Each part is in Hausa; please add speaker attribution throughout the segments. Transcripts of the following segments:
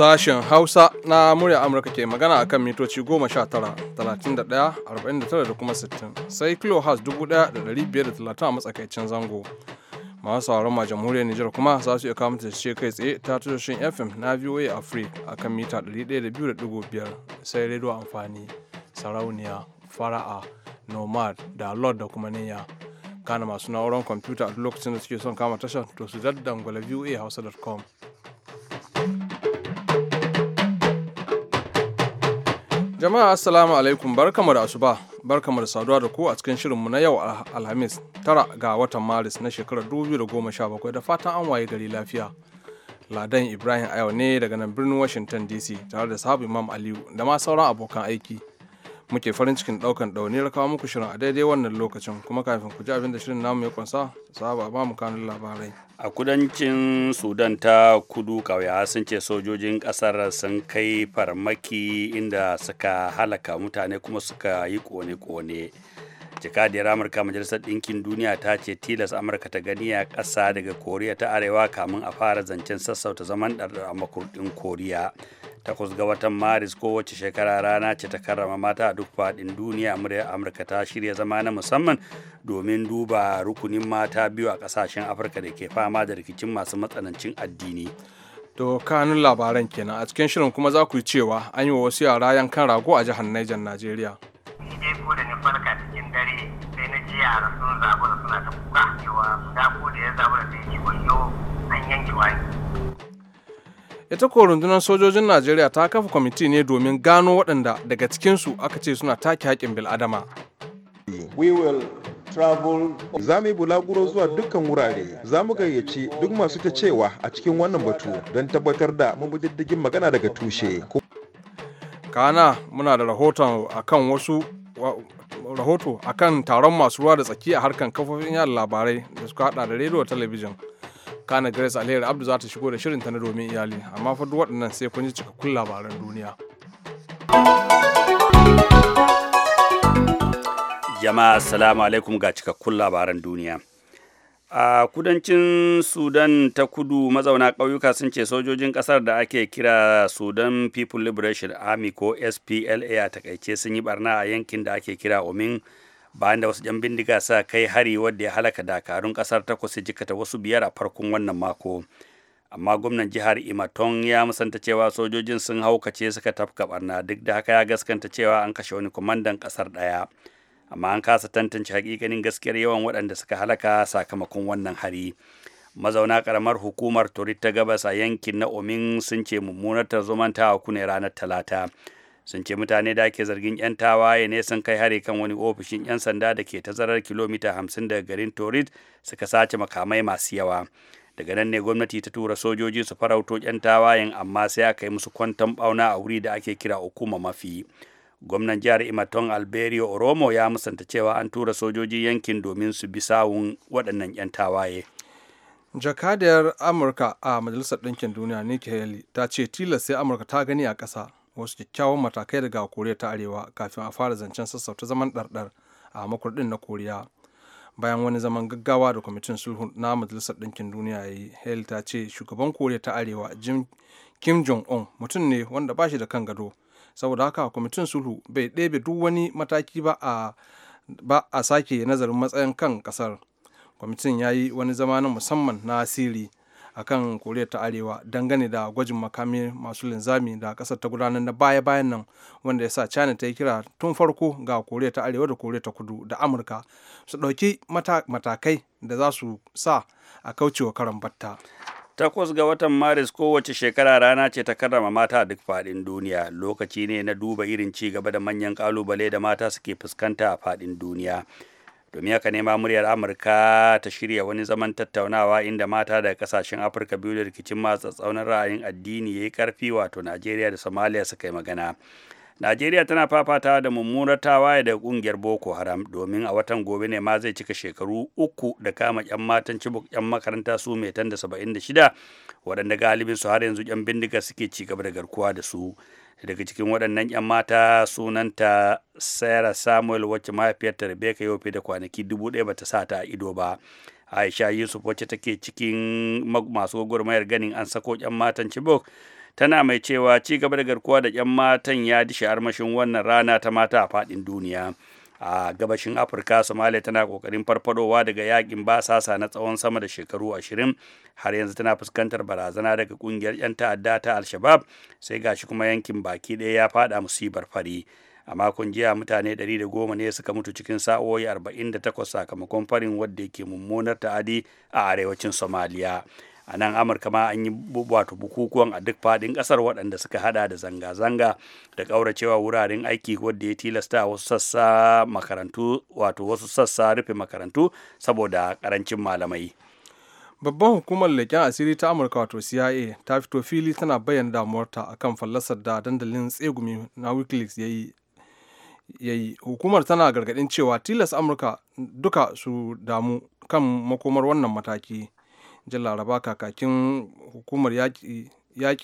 Speaker 1: Sashen Hausa na murya Amurka ke magana a kan mitoci 19, 31, 49 da kuma 60, sai kilohas 1,530 a matsakaicin zango. Masu sauran ma jamhuriyar Nijar kuma za su iya kawo mata ce kai tsaye ta tashoshin FM na VOA Africa a kan mita 102.5 sai rediyo amfani, sarauniya, fara'a, nomad da lord da kuma niyya. Kana masu na'urar kwamfuta a duk lokacin da suke son kama tashar to su daddangwala voa hausa.com. Jama'a assalamu alaikum barkamu da asuba barkamu da saduwa da ku a cikin shirinmu na yau ah, Alhamis tara ga watan Maris na shekarar 2017 da fatan an waye gari lafiya. Ladan Ibrahim a ne daga nan birnin Washington DC tare da sahabu Imam Aliyu da ma sauran abokan aiki. muke farin cikin daukan ɗauniyar kawo muku shirin a daidai wannan lokacin kuma kafin ku ji abin da shirin namu ya kunsa saba ba mu kanun labarai
Speaker 2: a kudancin sudan ta kudu kauya sun ce sojojin kasar sun kai farmaki inda suka halaka mutane kuma suka yi kone-kone jakadiyar amurka majalisar ɗinkin duniya ta ce tilas amurka ta gani a ƙasa daga koriya ta arewa kamun a fara zancen sassauta zaman ɗarɗar a makurɗin koriya takwas ga watan maris kowace shekara rana ce ta karrama mata a duk faɗin duniya muryar amurka ta shirya zama na musamman domin duba rukunin mata biyu a ƙasashen afirka da ke fama
Speaker 1: da rikicin masu matsanancin addini to kanun labaran kenan a cikin shirin kuma za ku yi cewa an yi wa wasu yara yankan rago a jihar Niger Najeriya.
Speaker 3: dare sai na sun zabu suna ta kuka cewa ko da ya da an yanke wani.
Speaker 1: ita ko rundunar sojojin najeriya ta kafa kwamiti ne domin gano waɗanda daga cikinsu aka ce suna take haƙin bil'adama
Speaker 4: za mu yi bulaguro zuwa dukkan wurare za mu gayyaci duk masu ta cewa a cikin wannan batu don tabbatar da mun diddigin magana daga tushe
Speaker 1: kana muna da rahoton akan wasu rahoto akan taron masu ruwa da tsaki a harkan kafofin yada labarai da suka hada da rediyo talabijin kana grace alheri abdu za ta shigo da shirin ta na domin iyali amma fa duk waɗannan sai kun ji cikakkun labaran duniya
Speaker 2: jama'a assalamu alaikum ga cikakkun labaran duniya a kudancin sudan ta kudu mazauna ƙauyuka sun ce sojojin ƙasar da ake kira sudan people liberation army ko spla a takaice sun yi barna a yankin da ake kira omin bayan da wasu 'yan bindiga sa kai hari wadda ya halaka dakarun kasar takwas ya jikata wasu biyar a farkon wannan mako amma gwamnan jihar imaton ya musanta cewa sojojin sun haukace suka tafka barna duk da haka ya gaskanta cewa an kashe wani kwamandan kasar daya amma an kasa tantance hakikanin gaskiyar yawan waɗanda suka halaka sakamakon wannan hari mazauna karamar hukumar Turi ta gabas a yankin na omin sun ce mummunar tarzoman ta kune ranar talata sun ce mutane da ake zargin 'yan tawaye ne sun kai hari kan wani ofishin 'yan sanda da ke tazarar kilomita 50 daga garin torit suka sace makamai masu yawa daga nan ne gwamnati ta tura sojoji su farauto 'yan tawayen amma sai aka yi musu kwantan bauna a wuri da ake kira hukuma mafi gwamnan jihar imaton alberio oromo ya musanta cewa an tura sojoji yankin domin su bi sawun waɗannan 'yan tawaye
Speaker 1: jakadiyar amurka a majalisar ɗinkin duniya nikki haley ta ce tilas sai amurka ta gani a ƙasa wasu kyakkyawan matakai daga koriya ta arewa kafin a fara zancen sassauta zaman ɗarɗar a makurɗin na koriya bayan wani zaman gaggawa da kwamitin sulhu na majalisar ɗinkin duniya ya yi hale ta ce shugaban koriya ta arewa jim kim jong un mutum ne wanda ba shi da kan gado saboda haka kwamitin sulhu bai ɗebe duk wani mataki ba a ba a sake nazarin matsayin kan ƙasar kwamitin ya yi wani zama na musamman na asiri akan koriya ta arewa dangane da gwajin makami masu linzami da kasar ta gudanar na baya bayan nan wanda ya sa china ta yi kira tun farko ga koriya ta arewa da koriya ta kudu da amurka su ɗauki matakai da za su sa a kaucewa karan batta
Speaker 2: Takwas ga watan Maris kowace shekara rana ce ta karrama mata a duk faɗin duniya. Lokaci ne na duba irin ci gaba da manyan ƙalubale da mata suke fuskanta a faɗin duniya. domin haka nema muryar amurka ta shirya wani zaman tattaunawa inda mata daga kasashen afirka biyu da rikicin masu tsaunar ra'ayin addini ya yi karfi wato najeriya da somalia suka yi magana najeriya tana fafatawa da mummunar tawaye daga kungiyar boko haram domin a watan gobe ne ma zai cika shekaru uku da kama yan matan cibok yan makaranta su metan da saba'in da shida waɗanda galibin su har yanzu yan bindiga suke ci gaba da garkuwa da su daga cikin waɗannan 'yan mata sunanta sarah samuel wacce mahaifiyarta rebecca yau da kwanaki dubu ɗaya bata sa ta ido ba aisha yusuf wacce take cikin masu gwagwarmayar ganin an sako 'yan matan chibok tana mai cewa ci gaba da garkuwa da 'yan matan ya dishi armashin wannan rana ta mata a faɗin duniya a gabashin afirka somalia tana kokarin farfadowa daga yakin basasa na tsawon sama da shekaru ashirin har yanzu tana fuskantar barazana daga kungiyar 'yan ta'adda ta al-shabab sai gashi kuma yankin baki ɗaya ya fada musibar fari a makon jiya mutane da goma ne suka mutu cikin sa'o'i takwas sakamakon farin wadda ke mummunar ta'adi a arewacin somaliya a nan amurka ma an yi wato bukukuwan a duk fadin kasar waɗanda suka hada da zanga-zanga da ƙauracewa wuraren aiki wadda ya tilasta wasu sassa makarantu wato wasu sassa rufe makarantu saboda ƙarancin malamai
Speaker 1: babban hukumar leƙen asiri ta amurka wato cia ta fito fili tana bayyana damuwarta a kan fallasar da dandalin tsegumi na wikileaks ya yi yayi hukumar tana gargadin cewa tilas amurka duka su damu kan makomar wannan mataki jin laraba kakakin hukumar yaƙi ya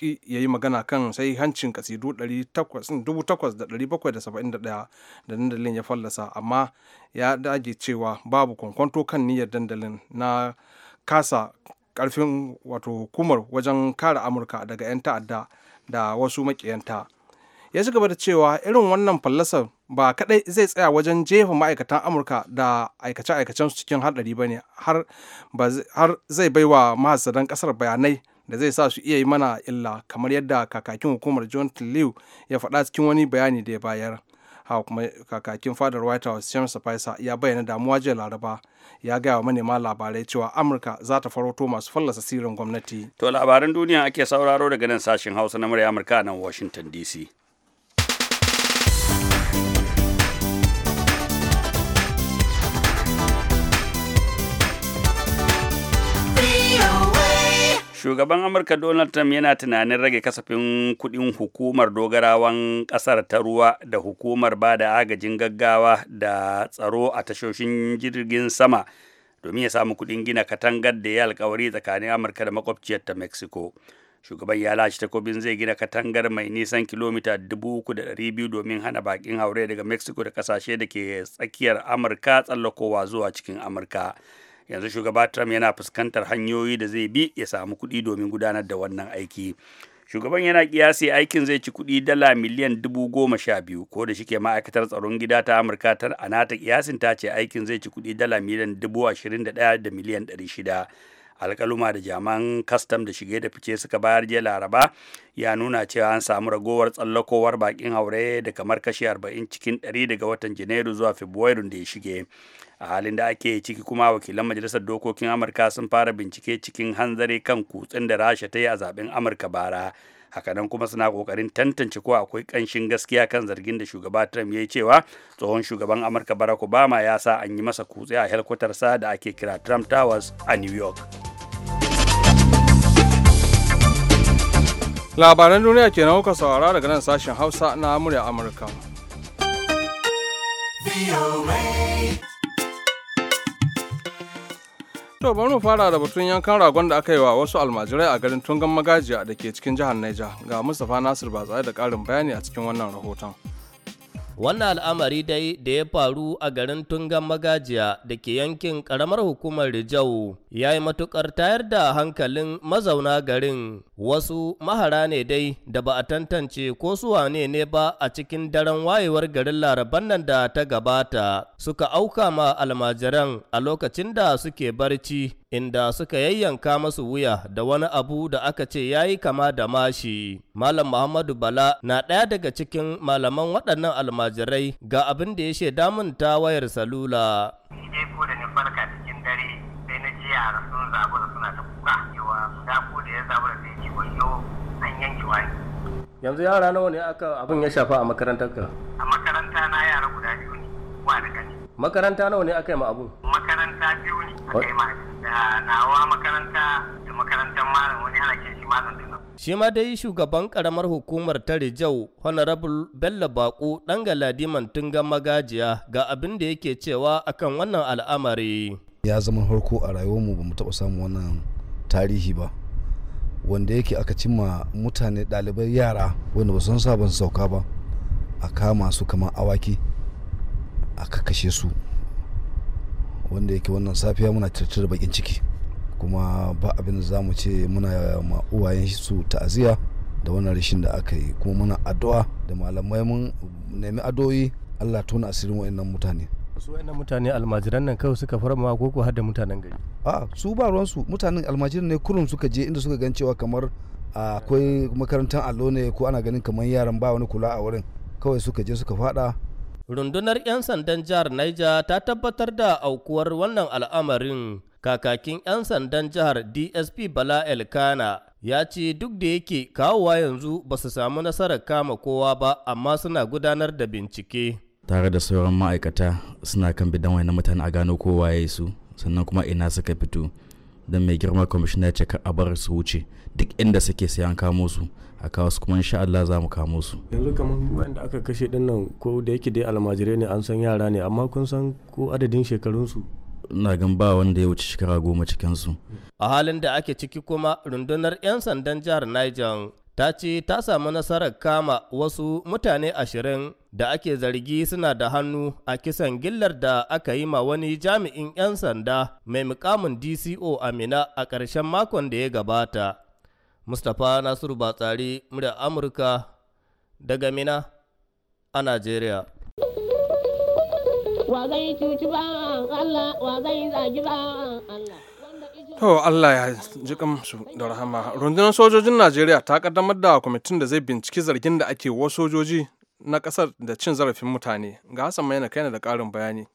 Speaker 1: yi magana kan sai hancin kasidu 8,771 da dandalin ya fallasa amma ya dage cewa babu kwankwanto kan niyyar dandalin na kasa karfin wato hukumar wajen kare amurka daga 'yan ta'adda da wasu makiyanta ya ci gaba da cewa irin wannan fallasar ba kadai zai tsaya wajen jefa ma'aikatan amurka da aikace-aikacen su cikin hadari ba ne har zai bai wa mahasadan kasar bayanai da zai sa su iya yi mana illa kamar yadda kakakin hukumar john liu ya faɗa cikin wani bayani da ya bayar kuma kakakin fadar white house james spicer ya bayyana damuwa jiya laraba ya gaya wa manema labarai cewa amurka za ta farauto masu fallasa sirrin gwamnati
Speaker 2: to labaran duniya ake sauraro daga nan sashen hausa na murya amurka nan washington dc shugaban amurka donald trump yana tunanin rage kasafin kudin hukumar dogarawan kasar ta ruwa da hukumar ba da agajin gaggawa da tsaro a tashoshin jirgin sama domin ya samu kudin gina katangar da ya alkawari tsakanin amurka da makwabciyar ta mexico shugaban ya lashe takobin zai gina katangar mai nisan kilomita 3,200 domin hana bakin haure daga mexico da kasashe da ke tsakiyar amurka tsallakowa zuwa cikin amurka. yanzu shugaba trump yana fuskantar hanyoyi da zai bi ya samu kuɗi domin gudanar da wannan aiki shugaban yana kiyasi aikin zai ci kuɗi dala miliyan dubu goma sha biyu ko da shike ma'aikatar tsaron gida ta amurka ta anata kiyasin ta ce aikin zai ci kuɗi dala miliyan dubu ashirin da ɗaya da miliyan ɗari shida alkaluma da jaman kastam da shige da fice suka bayar je laraba ya nuna cewa an samu ragowar tsallakowar bakin haure da kamar kashi arba'in cikin ɗari daga watan janairu zuwa fabrairun da ya shige a halin da ake ciki kuma wakilan majalisar dokokin amurka sun fara bincike cikin hanzari kan kutsen da rasha ta yi a zaben amurka bara hakanan kuma suna kokarin tantance ko akwai kanshin gaskiya kan zargin da shugaba trump ya cewa tsohon shugaban amurka barack obama ya sa an yi masa kutse a helkwatarsa da ake kira trump towers a new york
Speaker 1: labaran duniya ke kuka saurara daga nan sashen hausa na murya amurka To bari mu fara da batun yankan ragon da aka yi wa wasu almajirai a garin Tungan Magajiya da ke cikin jihar Niger ga Mustapha Nasir ba tsare da ƙarin bayani a cikin wannan rahoton. Wannan al'amari dai da ya faru a
Speaker 5: garin Tungan Magajiya da ke yankin ƙaramar hukumar Rijau ya yi matukar tayar da hankalin mazauna garin. Wasu mahara ne dai da ba a tantance ko su wane ne ba a cikin daren wayewar garin Laraban nan da ta gabata suka auka ma almajiran a lokacin da suke barci inda suka yayyanka masu wuya da wani abu da aka ce ya yi kama da mashi. Malam Muhammadu Bala na ɗaya daga cikin malaman waɗannan almajirai ga abin da ya shaida damun ta wayar salula.
Speaker 3: Ni dai ko da ni farka cikin dare sai na yara sun suna ta kuka guda ko da ya zabu da an yanke wani.
Speaker 5: Yanzu yara nawa ne aka abin ya shafa a makarantar ka?
Speaker 3: A makaranta na yara guda biyu ne, wa da
Speaker 5: Makaranta nawa ne aka yi ma abun?
Speaker 3: makaranta biyu ne kai ma da nawa makaranta da makarantar malam wani
Speaker 5: ana ke shi malam tunan shi ma dai shugaban karamar hukumar ta Rijau Honorable Bello Bako dan tun Tungan Magajiya ga abin da yake cewa akan wannan al'amari
Speaker 2: ya zama harko a rayuwarmu ba mu taɓa samun wannan tarihi ba wanda yake aka cimma mutane ɗalibai yara wanda ba san sabon sauka ba a kama su kamar awaki a kakashe su wanda yake wannan safiya muna da bakin ciki kuma ba abin da za mu ce muna ma uwayen su ta'aziyya da wannan rashin da aka yi kuma muna addu'a da malamai mun nemi addu'o'i Allah tona asirin wa'annan mutane
Speaker 5: su wa'annan mutane almajiran nan kawai suka farma ma ko har da mutanen gari a su ba ruwan su mutanen almajiran ne
Speaker 2: kurun suka je inda suka gan cewa kamar akwai makarantar allo ne ko ana ganin kamar yaran ba wani kula a wurin kawai suka je suka fada
Speaker 5: rundunar 'yan sandan jihar Niger ta tabbatar da aukuwar wannan al'amarin kakakin 'yan sandan jihar dsp bala elkana ya ce duk da yake kawowa yanzu ba su samu nasarar kama kowa ba amma suna gudanar da bincike
Speaker 2: tare da sauran ma'aikata suna kan bidan wani mutane a gano kowa ya su sannan kuma ina suka fito don mai girma kwamishina ya ce ka a bar su wuce duk inda suke sai kamo su a kawo su kuma insha Allah za mu kamo su
Speaker 5: yanzu kamar wanda aka kashe din nan ko da yake dai almajirai ne an san yara ne amma kun san ko adadin shekarunsu ina gan ba wanda ya wuce shekara goma cikinsu a halin da ake ciki kuma rundunar 'yan sandan jihar Niger ta ce ta samu nasarar kama wasu mutane ashirin da ake zargi suna da hannu a kisan gillar da aka yi ma wani jami'in 'yan sanda mai mukamin dco amina a ƙarshen makon da ya gabata mustapha nasiru batsari murya amurka daga mina a nigeria.
Speaker 3: wa zai cuci ba allah wa zai zagi ba
Speaker 1: To Allah ya ji kamsu da rahama. Rundunar sojojin Najeriya ta kaddamar da kwamitin da zai binciki zargin da ake wa sojoji na kasar da cin zarafin mutane. Ga Hassan Maina kai da ƙarin bayani.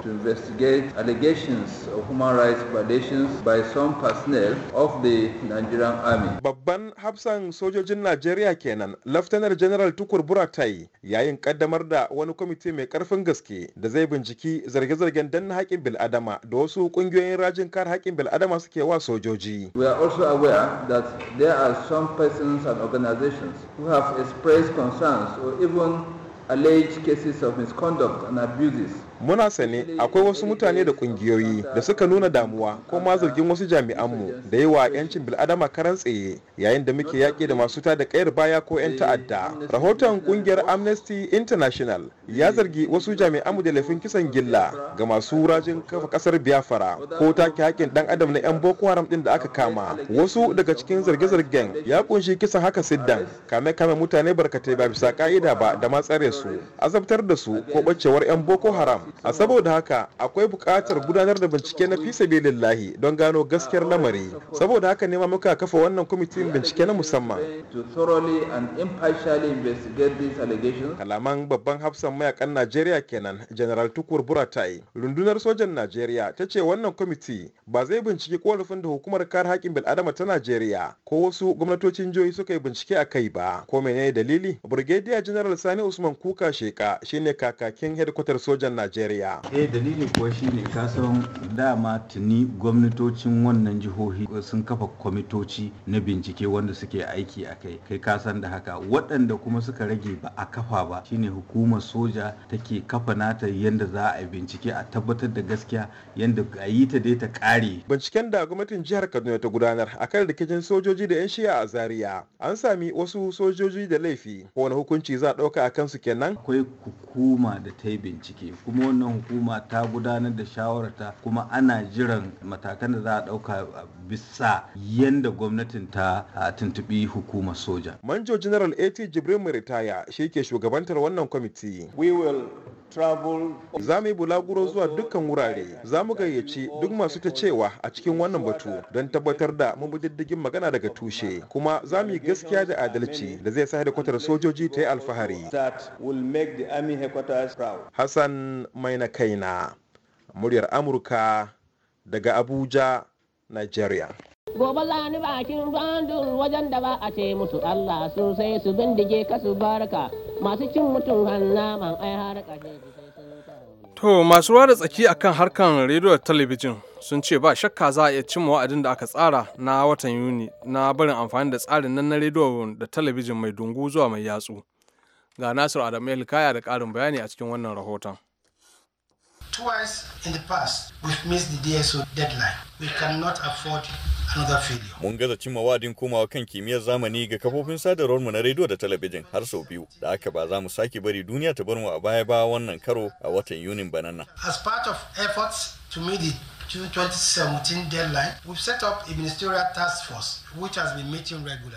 Speaker 4: to investigate allegations of human rights violations by some personnel of the Nigerian army. Babban hafsan sojojin Najeriya kenan, Laftanar General Tukur Buratai yayin kaddamar da wani kwamiti mai karfin gaske da zai binciki zarge-zargen danna haƙin bil'adama da wasu ƙungiyoyin rajin kare haƙin bil'adama suke wa sojoji. We are also aware that there are some persons and organizations who have expressed concerns or even alleged cases of misconduct and abuses muna sane akwai wasu mutane da kungiyoyi da suka nuna damuwa ko ma zargin wasu jami'anmu da yawa yancin bil'adama karan tsaye yayin da muke yaƙi da masu tada kayar baya ko 'yan ta'adda rahoton kungiyar amnesty international ya zargi wasu jami'anmu da laifin kisan gilla ga masu rajin kafa kasar biafra ko take haƙƙin dan adam na 'yan boko haram din da aka kama wasu daga cikin zarge-zargen ya kunshi kisan haka siddan kame-kame mutane barkatai ba bisa ka'ida ba da ma tsare su azabtar da su ko bacewar 'yan boko haram a saboda haka akwai buƙatar gudanar da bincike na fisa lillahi don gano gaskiyar lamari saboda haka ne ma muka kafa wannan kwamitin bincike na musamman kalaman babban hafsan mayakan najeriya kenan general tukur buratai rundunar sojan najeriya ta ce wannan kwamiti ba zai binciki korafin da hukumar kare haƙƙin bil'adama ta najeriya ko wasu gwamnatocin jihohi suka yi bincike a kai ba ko menene dalili brigadier general sani usman kuka sheka shine kakakin hedkwatar sojan najeriya Najeriya. Eh dalili kuwa shine kasan dama tuni gwamnatocin wannan jihohi sun kafa kwamitoci na bincike wanda suke aiki a kai kai kasan da haka waɗanda kuma suka rage ba a kafa ba shine hukumar soja take kafa nata yadda za a bincike a tabbatar da gaskiya yadda a yi ta dai ta kare. Binciken da gwamnatin jihar Kaduna ta gudanar A kan rikicin sojoji da 'yan shiya a Zaria an sami wasu sojoji da laifi wani hukunci za a ɗauka a kansu kenan. Akwai hukuma da ta yi bincike kuma wannan hukuma ta gudanar da shawararta kuma ana jiran matakan da za a ɗauka bisa yadda gwamnatin ta tuntubi hukumar soja. Manjo General AT Jibrin Muritaya shi ke shugabantar wannan kwamiti. We will Za mu yi bulaguro zuwa dukkan wurare, za mu gayyaci duk masu ta cewa a cikin wannan batu don tabbatar da mun diddigin magana daga tushe, kuma za mu yi gaskiya da adalci da zai sa hedikwatar sojoji ta yi alfahari. Hassan Maina na muryar Amurka daga Abuja, Nigeria.
Speaker 3: gobe lani bakin bandun wajen da ba a ce musu Allah sosai su bindige kasu su barka masu cin mutum hannu naman ai har
Speaker 1: To masu ruwa da tsaki akan harkan rediyo da talabijin sun ce ba shakka za a iya cimma wa'adin da aka tsara na watan Yuni na barin amfani da tsarin nan na rediyo da talabijin mai dungu zuwa mai yatsu. Ga Nasir Adamu Elkaya da ƙarin bayani a cikin wannan rahoton.
Speaker 6: Twice in the past we've missed the DSO deadline. We cannot afford
Speaker 7: Mun gaza cimma wadin komawa kan kimiyyar zamani ga kafofin sadarwar mu na rediyo da talabijin har sau biyu. Da aka ba za mu sake bari duniya ta bar mu a baya ba wannan karo a watan Yunin banana.
Speaker 6: As part of efforts to meet the June 2017 deadline, we've set up a ministerial task force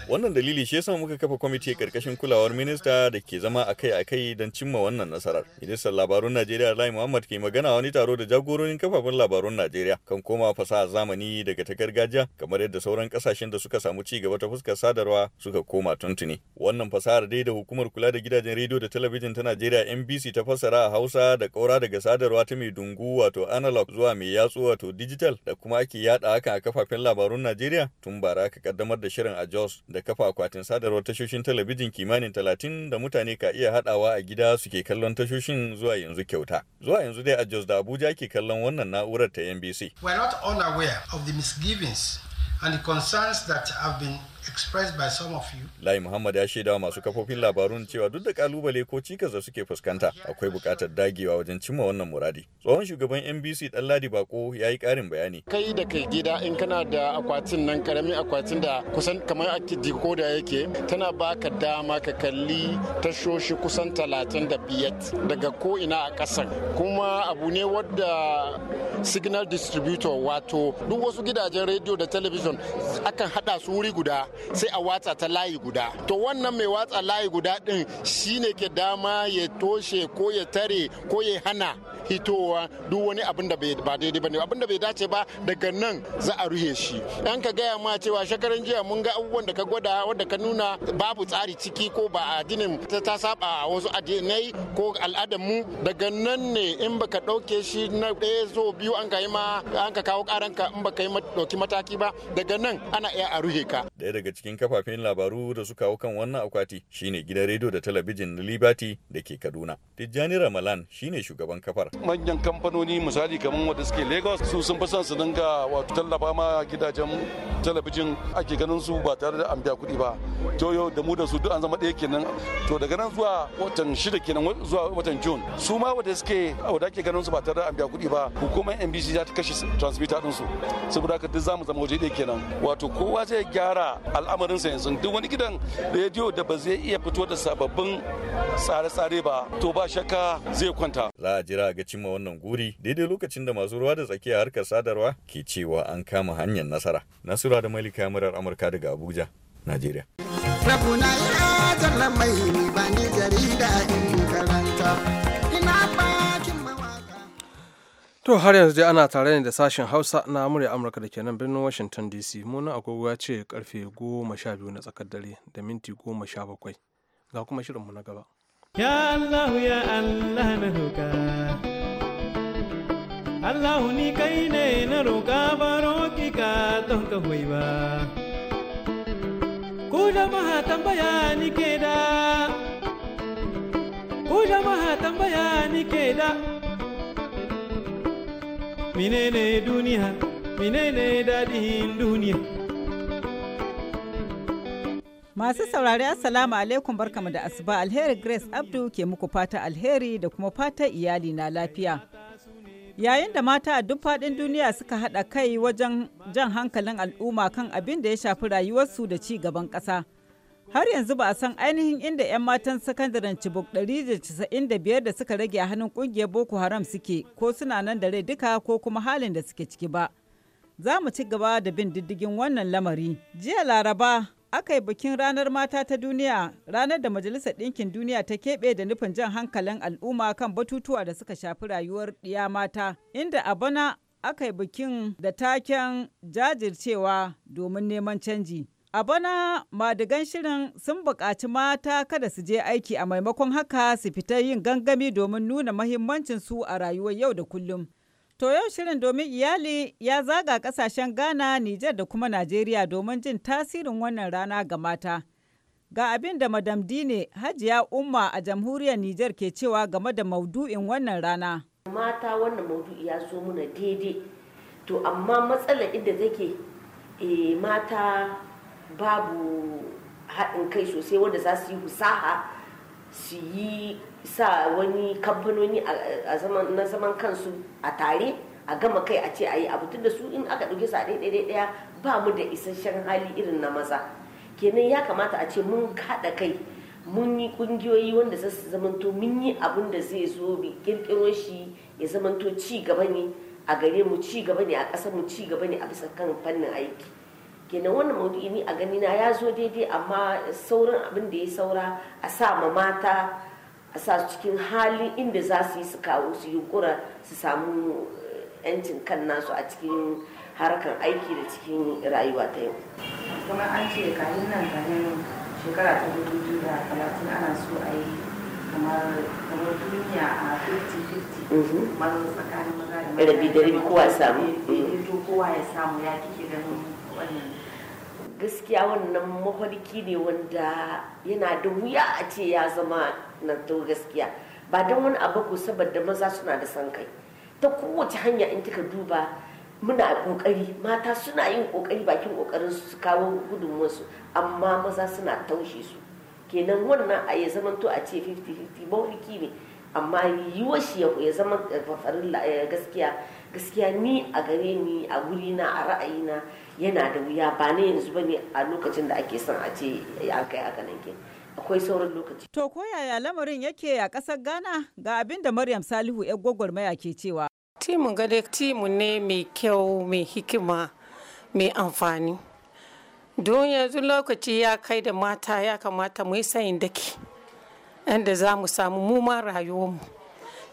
Speaker 7: Wannan dalili shi yasa muka kafa kwamiti karkashin kulawar minista da ke zama akai-akai don cimma wannan nasarar. Ministan labarun Najeriya Lai Muhammad ke magana wani taro da jagororin kafafen labarun Najeriya kan koma fasaha zamani daga ta gargajiya kamar yadda sauran kasashen da suka samu ci gaba ta fuskar sadarwa suka koma tuntuni. Wannan fasahar dai da hukumar kula da gidajen rediyo da talabijin ta Najeriya NBC ta fassara a Hausa da kaura daga sadarwa ta mai dungu wato analog zuwa mai yatsu wato digital da kuma ake yada hakan a kafafen labarun Najeriya tun bara ka kaddamar da shirin a Jos da kafa akwatin sadarwar tashoshin talabijin kimanin talatin da mutane ka iya haɗawa a gida suke kallon tashoshin zuwa yanzu kyauta. Zuwa yanzu dai a Jos da Abuja ke kallon wannan na'urar ta NBC.
Speaker 6: We not unaware of the misgivings and the concerns that have been
Speaker 7: Lai Muhammad ya shaida masu kafofin labarun cewa duk da kalubale ko cikas da suke fuskanta akwai bukatar dagewa wajen cimma wannan muradi. Tsohon shugaban NBC ladi Bako ya yi karin bayani.
Speaker 8: Kai da kai gida in kana da akwatin nan karamin akwatin da kusan kamar a da yake tana baka dama ka kalli tashoshi kusan talatin da biyar daga ko ina a ƙasar kuma abu ne wadda signal distributor wato duk wasu gidajen rediyo da talabijin akan haɗa su wuri guda sai a watsa ta layi guda to wannan mai watsa layi guda din shine ke dama ya toshe ko ya tare ko ya hana hitowa duk wani abin da ba daidai ba ne abin da bai dace ba daga nan za a ruhe shi Yan ka gaya ma cewa shekaran jiya mun ga abubuwan da ka gwada wanda ka nuna babu tsari ciki ko ba a addinin ta saba a wasu addinai ko al'adar mu daga nan ne in baka dauke shi na ɗaya zo biyu an ka yi ma an ka kawo karanka in baka yi ɗauki mataki ba daga nan
Speaker 7: ana iya a ruhe ka. daga cikin kafafen labaru da suka hau kan wannan akwati shine gidan rediyo da talabijin na Liberty da ke Kaduna. Tijjani Ramalan shine shugaban kafar. Manyan
Speaker 4: kamfanoni misali kamar wanda suke Lagos su sun fi son su dinga wato tallafa ma gidajen talabijin ake ganin su ba tare da an biya kuɗi ba. yau da mu da su duk an zama ɗaya kenan. To daga nan zuwa watan shida kenan zuwa watan June su ma wanda suke wanda ake ganin su ba tare da an biya kuɗi ba hukumar NBC za ta kashe transmitter ɗinsu. Saboda haka duk za mu zama waje ɗaya kenan.
Speaker 7: Wato kowa zai gyara al'amarinsa yanzu duk wani gidan rediyo da ba zai iya fito da sababbin tsare-tsare ba to ba shakka zai kwanta za a jira ga cimma wannan guri daidai lokacin da masu ruwa da tsakiya harkar sadarwa ke cewa an kama hanyar nasara nasura da malika murar amurka daga abuja najeriya
Speaker 9: rabuna ya mai
Speaker 6: ba ni jarida in karanta
Speaker 1: To har yanzu dai ana tare ne da sashen Hausa na murya Amurka da ke nan birnin Washington DC. Muna agogo ya ce karfe goma sha biyu na tsakar dare da minti goma sha bakwai. Ga kuma shirinmu na gaba.
Speaker 4: Ya Allah ya Allah na roƙa. Allah ni kai ne na roƙa baro ki ka don ka hoyi ba. Ku jama'a tambaya ni ke da.
Speaker 9: Ku jama'a tambaya ni ke da. minene duniya minene daɗin duniya Masu saurari Assalamu alaikum barkamu da asuba alheri Grace Abdu ke muku fata alheri da kuma fata iyali na lafiya. Yayin da mata a duk faɗin duniya suka haɗa kai wajen jan hankalin al'umma kan abin da ya shafi rayuwarsu da ci gaban ƙasa. har yanzu ba a san ainihin inda 'yan matan sakandaren cibok 195 da suka rage a hannun kungiyar boko haram suke ko suna nan da rai duka ko kuma halin da suke ciki ba za mu ci gaba da bin diddigin wannan lamari jiya laraba aka yi bikin ranar mata ta duniya ranar da majalisar ɗinkin duniya ta keɓe da nufin jan hankalin al'umma kan batutuwa da suka shafi rayuwar ɗiya mata inda a bana aka yi bikin da taken jajircewa domin neman canji A bana madigan shirin sun buƙaci mata kada su je aiki a maimakon haka su fita yin gangami domin nuna mahimmancin su a rayuwar yau da kullum. To yau shirin domin iyali ya zaga ƙasashen Ghana, Nijar da kuma Najeriya domin jin tasirin wannan rana ga mata. Ga abin da Madam Dine Hajiya Umma a jamhuriyar Nijar ke cewa game da maudu'in wannan rana.
Speaker 3: Mata wannan maudu'i ya zo muna daidai. To amma matsalar inda zake e, eh, mata babu haɗin kai sosai wanda za su yi husaha su yi sa wani kamfanoni na zaman kansu a tare a gama kai a ce a yi abu tun da su in aka ɗauke su a ɗaya ɗaya ba mu da isasshen hali irin na maza kenan ya kamata a ce mun haɗa kai mun yi ƙungiyoyi wanda za su zamanto mun yi abin da zai zo bi ƙirƙiro shi ya zamanto ci gaba ne a gare mu ci gaba ne a ƙasa mu ci gaba ne a bisa kan fannin aiki gina wannan maudu'i a gani na ya zo daidai amma sauran abin da ya saura a sa ma mata a sa cikin hali inda za su yi su kawo su yunkura su samu eh, yancin kan nasu a cikin harkar aiki da cikin rayuwa ta yau kuma an ce kayan nan ganin shekara ta dubu da talatin ana so a yi kamar kamar duniya a 50-50 mhm. kamar tsakanin maza da mata rabi da rabi kowa ya samu eh, eh, mhm. kowa ya samu ya kike ganin wannan gaskiya wannan mafarki ne wanda yana da wuya a ce ya zama na to gaskiya ba don wani abu ku saboda maza suna da san kai ta kowace hanya in kika duba muna kokari mata suna yin kokari bakin kokarin su kawo wasu amma maza suna taushe su kenan wannan a ya zama to a ce 50-50 mafarki ne amma yi shi ya zama gaskiya gaskiya ni a gare ni a na a ra'ayina yana da wuya ba ne yanzu ba ne a lokacin da ake son a ce an kai a ganin ke akwai sauran lokaci. To
Speaker 9: ko yaya lamarin yake a ƙasar Ghana ga abin da Maryam Salihu 'yar gwagwarmaya ke cewa. Timu gade timu ne mai kyau mai hikima mai amfani.
Speaker 10: Don yanzu lokaci ya kai da mata ya kamata mu yi sayin daki. Inda za mu samu mu ma rayuwarmu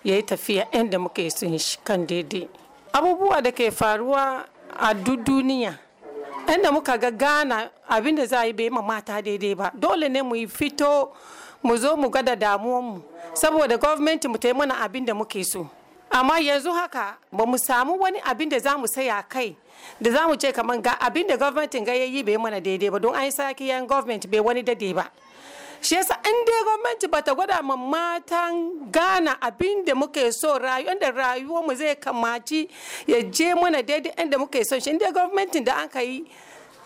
Speaker 10: ya yi tafiya inda muke sun shi kan daidai. Abubuwa da ke faruwa a duk duniya yadda muka ga gana abin da za a yi bai ma mata daidai ba dole ne mu fito mu zo mu gada mu saboda gwamnati mu taimaka mana abin da muke so amma yanzu haka ba mu samu wani abin da za mu saya kai da za mu ce kamar ga abin da gwamnatin ga yayi bai mana daidai ba don an sake yan gwamnati bai wani dade ba shi yasa in dai gwamnati bata gwada ma matan gana abin da muke so rayuwar da rayuwar mu zai kamaci ya je mana daidai inda muke so shi in dai gwamnatin da an kai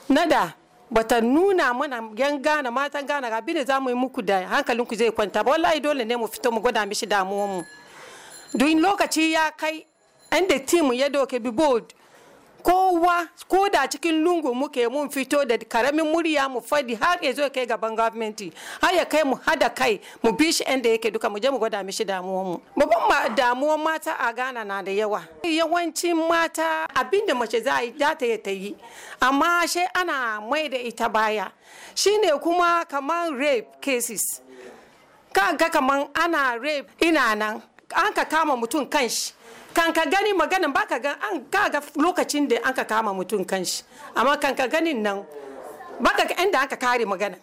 Speaker 10: nada bata nuna mana yan gana matan gana abin da zamu yi muku da hankalinku zai kwanta ba wallahi dole ne mu fito mu gwada mishi damuwar mu duk lokaci ya kai inda tim ya doke board kowa ko da cikin lungu muke mun fito da karamin murya mu fadi har ya zo kai gaban gwamnati har ya kai mu hada kai mu bi shi inda yake duka mu je mu gwada mishi damuwar mu babban damuwar mata a Ghana na da yawa yawancin mata abinda mace za yi za ta yi amma shi ana mai da ita baya shine kuma kaman rape cases kan ga kaman ana rape ina nan an ka kama mutum kanshi kan ka gani maganin baka gan an ga lokacin da an ka kama mutum kanshi amma kan ka ganin nan baka ga inda aka kare magana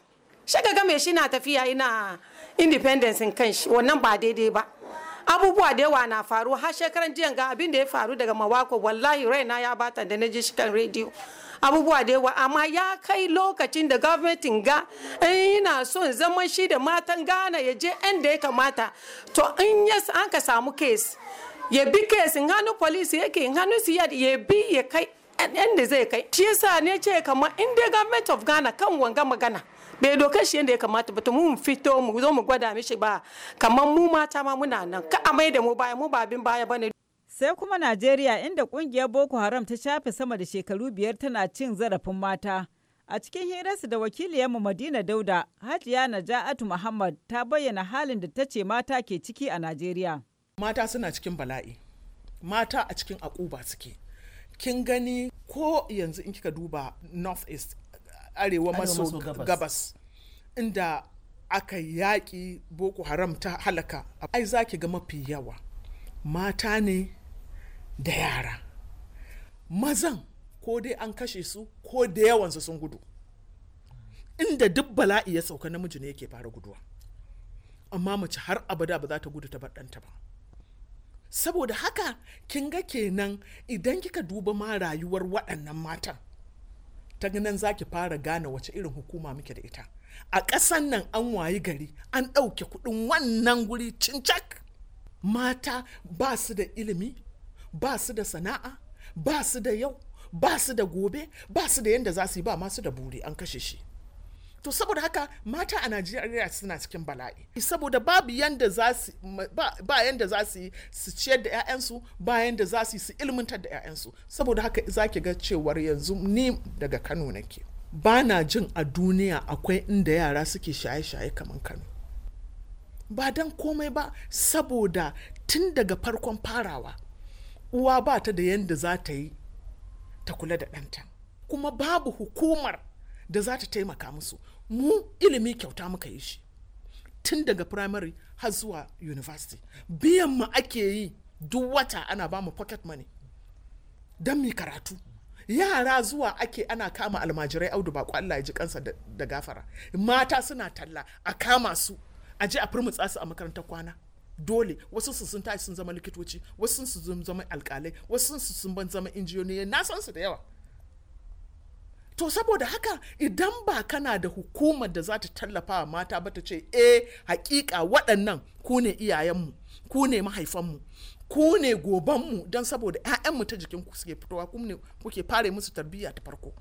Speaker 10: shi ga me shi na tafiya ina independence in kanshi wannan ba daidai ba abubuwa da yawa na faru har shekaran jiyan ga abin da ya faru daga mawako wallahi raina ya bata da na ji shi kan rediyo abubuwa da yawa amma ya kai lokacin da gwamnatin ga yana son zaman shi da matan gana ya je inda ya kamata to in yes an ka samu case ya bi kes in hannu polisi yake in hannu siyad ya bi ya kai yadda zai kai shi yasa ne ce kamar inda government of ghana kan wanga magana bai doka shi yadda ya kamata ba mu fito mu zo mu gwada
Speaker 9: mishi ba kamar mu mata ma muna nan ka a mai da mu baya mu ba abin baya bane sai kuma najeriya inda kungiyar boko haram ta shafe sama da shekaru biyar tana cin zarafin mata a cikin hirarsu da wakiliyarmu madina dauda hajiya naja'atu muhammad ta bayyana
Speaker 6: halin da ta ce mata ke ciki a najeriya mata suna cikin bala'i mata a cikin akuba suke kin gani ko yanzu in kika duba north east arewa maso gabas inda aka yaƙi boko haram ta halaka ai za ki ga mafi yawa mata ne da yara mazan ko dai an kashe su ko da yawansu sun gudu inda duk bala'i ya sauka namiji ne yake fara guduwa amma mace har abada ba za ta gudu ta baɗanta ba saboda haka kin ga kenan idan kika duba ma rayuwar waɗannan matan ta ganin za ki fara gane wace irin hukuma muke da ita a ƙasan nan an wayi gari an ɗauke kuɗin wannan guri cincak mata ba su da ilimi ba su da sana'a ba su da yau ba su da gobe ba su da yadda za su yi ba masu da buri an kashe shi to saboda haka mata a najeriya suna cikin bala'i saboda babu yanda za su ba yanda za su su ciyar da 'ya'yansu ba yanda za su su ilmantar da 'ya'yansu saboda haka za ki ga cewar yanzu ni daga kano nake ba na jin a duniya akwai inda yara suke shaye-shaye kamar kano ba dan komai ba saboda tun daga farkon farawa uwa ba ta da yanda za ta yi ta kula da ɗanta kuma babu hukumar da za ta taimaka musu mu ilimi kyauta muka yi shi tun daga primary har zuwa university biyan mu ake yi duk wata ana bamu mu pocket money don mi karatu yara zuwa ake ana kama almajirai audu ba Allah ya ji kansa da gafara mata suna talla a kama su a ji a firmitsa su a makarantar kwana dole wasu su sun tashi sun zama likitoci wasu su sun zama alkalai wasu su sun zama injiniyoyi na san da yawa to saboda haka idan ba kana da hukumar da za ta tallafa wa mata ba ta ce eh hakika waɗannan ku ne iyayenmu ku ne mahaifanmu ku ne gobanmu don saboda 'ya'yanmu ta jikin ku suke fitowa ku ne kuke fare musu tarbiyya ta farko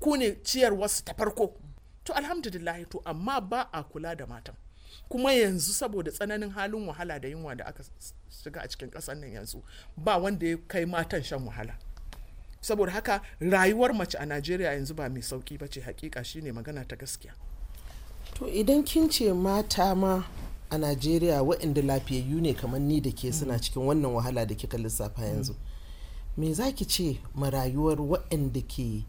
Speaker 6: ku ne ciyarwarsu ta farko to alhamdulillah to amma ba a kula da matan kuma yanzu saboda tsananin halin wahala da yunwa da aka shiga a cikin ƙasar nan yanzu ba wanda ya kai matan shan wahala saboda haka rayuwar mace a najeriya yanzu ba mai sauki ba ce hakika shine magana ta gaskiya to idan kin ce mata ma a najeriya waɗanda lafiyayyu ne kamar ni da ke mm. suna cikin wannan wahala da kika lissafa mm. yanzu me za ki ce ma rayuwar waɗanda ke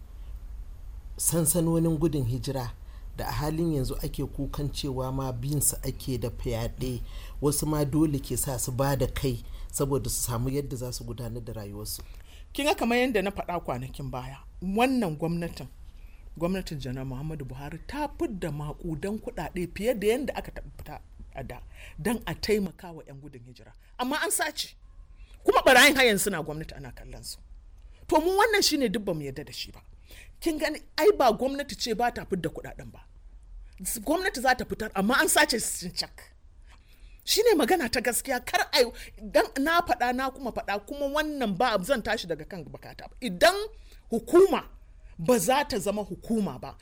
Speaker 6: sansanonin gudun hijira da a halin yanzu ake kukan cewa ma binsu ake da fyaɗe wasu ma dole ke sa su ba da kai saboda su samu yadda za su gudanar da rayuwarsu kin ga kamar yadda na faɗa kwanakin baya wannan gwamnatin gwamnatin janar muhammadu buhari ta fidda maƙudan kuɗaɗe fiye da yadda aka fita a da don a taimaka wa 'yan gudun hijira amma an sace kuma barayin hayan suna gwamnati ana kallon su to mu wannan shine duk ba mu yarda da shi ba kin gani ai ba gwamnati ce ba ta fidda kuɗaɗen ba gwamnati za ta fitar amma an sace su cak shine magana ta gaskiya kar a dan na faɗa na kuma faɗa kuma wannan ba zan tashi daga kan bakata ba idan hukuma ba za ta zama hukuma ba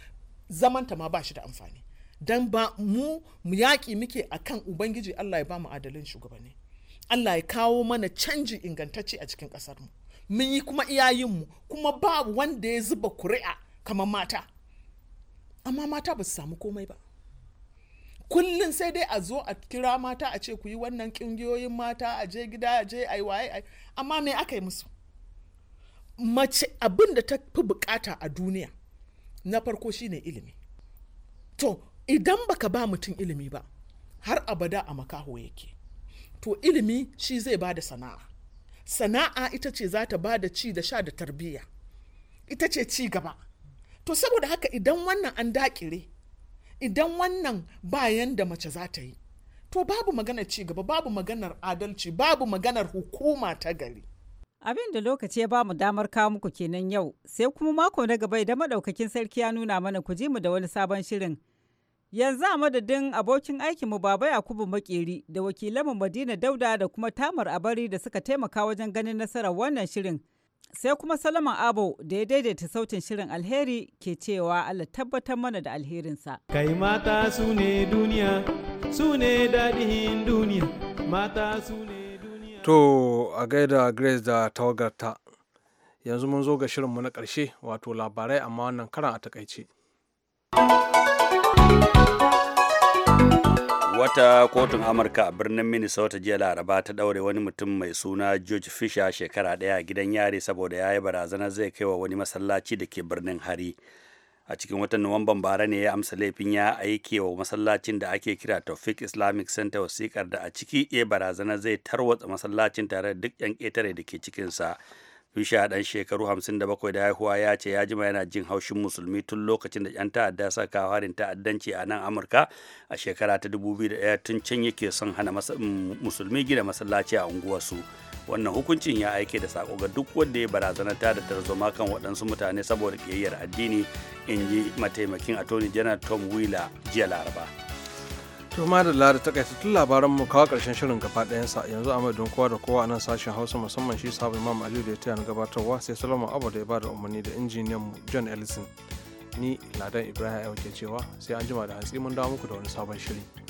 Speaker 6: zamanta ma ba shi da amfani dan ba mu yaƙi muke akan ubangiji Allah ya ba mu adalin shugabanni Allah ya kawo mana canji ingantacce a cikin ƙasar mu mun yi kuma iyayenmu kuma ba wanda ya zuba kuri'a kamar mata amma mata ba su samu komai ba kullum sai dai a zo a kira mata a ce ku yi wannan ƙungiyoyin mata a je gida a je ai waye amma me aka yi musu mace abin da ta fi bukata a duniya na farko shine ilimi to idan baka ba mutum ilimi ba har abada a makaho yake to ilimi shi zai ba da sana'a sana'a ita ce za ta ba da ci da sha da tarbiyya ita ce ci gaba to saboda haka idan wannan an daƙire. idan wannan bayan da mace za ta yi to babu maganar ci gaba babu maganar adalci babu maganar hukuma ta gari
Speaker 9: Abin da lokaci ya bamu damar kawo muku kenan yau, sai kuma mako na gaba idan madaukakin sarki ya nuna mana ku ji mu da wani sabon shirin. Yanzu a madadin abokin aikinmu Baba Yakubu Makeri da wakilanmu Madina Dauda da kuma Tamar Abari da suka taimaka wajen ganin nasarar wannan shirin. Sai kuma Salama Abo da ya daidaita sautin shirin alheri ke cewa Allah tabbatar mana da alherinsa.
Speaker 1: Kai mata su ne duniya, su ne daɗin duniya, mata su ne duniya. To a gaida Grace da tawagarta, yanzu mun zo ga shirinmu na ƙarshe wato labarai amma wannan karan a takaice.
Speaker 2: wata kotun amurka a birnin minnesota jiya laraba ta daure wani mutum mai suna george fisher shekara daya a gidan yare saboda ya yi barazana zai kai wa wani masallaci da ke birnin hari a cikin watan nuwamban bara ne ya amsa laifin ya aike wa masallacin da ake kira tofik islamic center wasikar da a ciki ya barazana zai tarwatsa masallacin tare da duk yan ketare da ke cikinsa Yusha dan shekaru 57 da haihuwa ya ce ya jima yana jin haushin musulmi tun lokacin da 'yan ta'adda suka kawo harin ta'addanci a nan Amurka a shekara ta 2001 tun can yake son hana mm, musulmi gina masallaci a unguwarsu. Wannan hukuncin ya aike da sako ga duk wanda ya barazana ta da tarzoma kan waɗansu mutane saboda ƙiyayyar addini in ji mataimakin attorney janar Tom Wheeler jiya Laraba.
Speaker 1: to ma da lada tun labaran mu kawo karshen shirin gaba sa yanzu a don kowa da kowa a nan sashen hausa musamman shi sabu imam aliyu da ya tayar gabatarwa sai salama abu da ya bada umarni da injiniyan mu john ellison ni ladan ibrahim ke cewa sai an jima da hatsi mun dawo muku da wani sabon shiri.